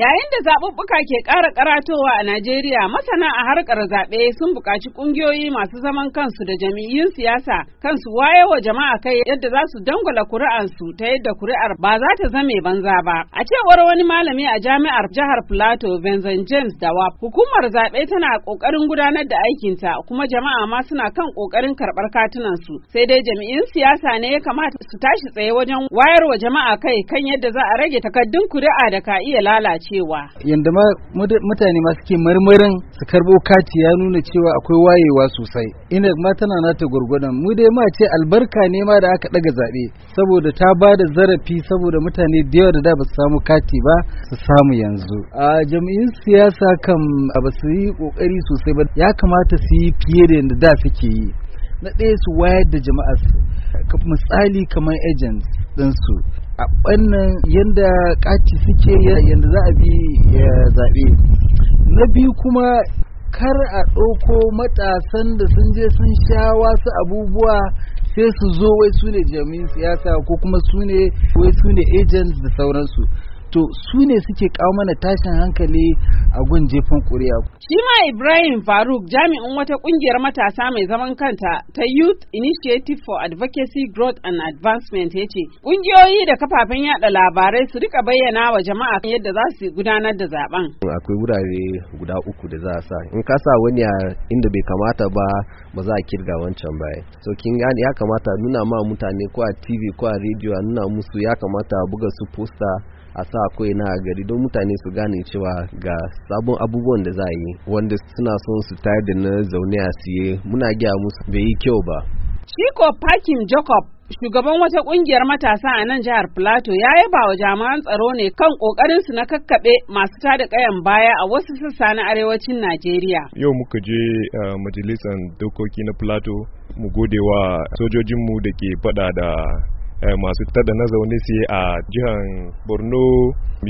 Yayin da zaɓuɓɓuka ke ƙara ƙaratowa a Najeriya, masana a harkar zaɓe sun buƙaci ƙungiyoyi masu zaman kansu da jami'in siyasa kansu wa jama'a kai yadda za su dangwala kuri'ansu ta yadda kuri'ar ba za ta zame banza ba. A cewar wani malami a jami'ar jihar Plateau, Vincent James Dawa, hukumar zaɓe tana ƙoƙarin gudanar da aikinta kuma jama'a ma suna kan ƙoƙarin karɓar katunansu. Sai dai jami'in siyasa ne ya kamata su tashi tsaye wajen wayarwa jama'a kai kan yadda za a rage takaddun kuri'a da ka iya lalace. cewa yadda mutane ma suke marmarin su karbo kati ya nuna cewa akwai wayewa sosai ina ma tana nata gwargwadon mu dai ma ce albarka ne ma da aka daga zaɓe saboda ta ba da zarafi saboda mutane da yawa da da ba su samu kati ba su samu yanzu a jam'iyyun siyasa kan ba su yi kokari sosai ba ya kamata su yi fiye da yadda da suke yi na ɗaya su wayar da jama'a su misali kamar agents ɗinsu a ɓannan yadda ƙaci suke yadda za a bi zaɓe na biyu kuma kar a ɗauko matasan da sun je sun sha wasu abubuwa sai su zo wai su ne jami'in siyasa ko kuma su ne wai su ne agents da sauransu to su ne suke kawo mana tashin hankali a gun jefan kuri'a. Shi ma Ibrahim Faruk jami'in wata kungiyar matasa mai zaman kanta ta Youth Initiative for Advocacy Growth and Advancement ya ce kungiyoyi da kafafen yada labarai su rika bayyana wa jama'a yadda za su gudanar da zaben. Akwai wurare guda uku da za a sa in ka sa wani a inda bai kamata ba ba za a kirga wancan baya. So kin ya kamata nuna ma mutane ko a TV ko a rediyo a nuna musu ya kamata a buga su posta a sa a ko'ina a gari don mutane su gane cewa ga sabon abubuwan da za a yi wanda suna son su tayar da na zaune a siye muna gaya musu bai yi kyau ba Shiko Pakin Jacob shugaban wata kungiyar matasa a nan jihar Plateau ya yaba wa jami'an tsaro ne kan kokarin su na kakkabe masu tada kayan baya a wasu sassa na arewacin Najeriya. Yau muka je majalisar dokoki na Plateau mu gode wa sojojinmu da ke fada da Eh, masu tada na zaune su a jihar borno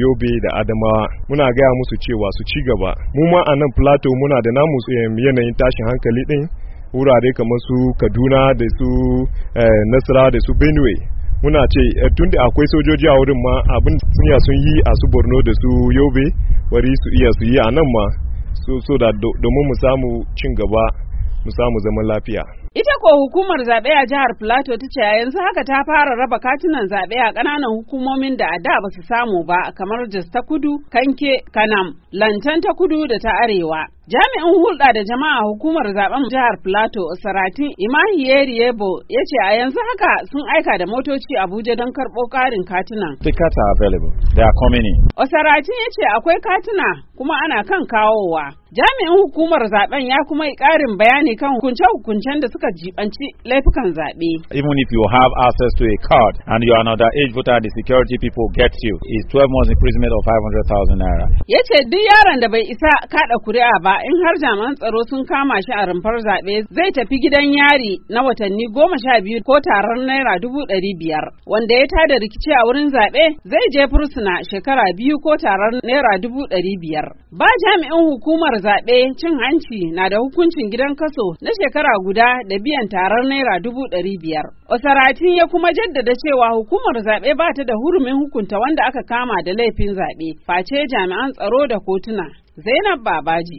yobe da adamawa muna gaya musu cewa su ci gaba mu ma a nan plateau muna da namu yanayin tashin hankali din wurare kamar su kaduna da su eh, nasara da su benue muna ce eh, tun da akwai sojoji a wurin ma abin suniya sun yi a su borno da su yobe wari su iya su yi a nan ma so da domin mu samu cin gaba mu samu zaman lafiya Ita ko hukumar zaɓe a jihar Plateau ta ce yanzu haka ta fara raba katunan zaɓe a ƙananan hukumomin da a da ba su samu ba kamar Jos ta Kudu, Kanke, Kanam, Lantan ta Kudu da ta Arewa. Jami'in hulɗa da jama'a hukumar zaben jihar Plateau Saratin Imahiyeri Yebo ya ce a yanzu haka sun aika da motoci Abuja don karɓo ƙarin katina. The are available. They are coming in. Osaratin ya ce akwai katina, kuma ana kan kawowa. Jami'in hukumar zaben ya kuma yi ƙarin bayani kan hukunce-hukuncen da suka jibanci laifukan zaɓe. Even if you have access to a card and you are an age voter, the security people get you. It's 12 months imprisonment of 500,000 naira. Ya ce duk yaron da bai isa kaɗa kuri'a ba in har jami'an tsaro sun kama shi a rumfar zaɓe zai tafi gidan yari na watanni goma sha biyu ko taron naira dubu ɗari biyar. Wanda ya tada rikici a wurin zaɓe zai je fursuna shekara biyu ko taron naira dubu ɗari biyar. Ba jami'in hukumar zaɓe cin hanci na da hukuncin gidan kaso na shekara guda da biyan taron naira dubu ɗari biyar. Osaratin ya kuma jaddada cewa hukumar zaɓe ba ta da hurumin hukunta wanda aka kama da laifin zaɓe face jami'an tsaro da kotuna. Zainab Babaji,